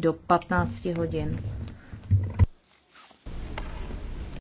do 15 hodin.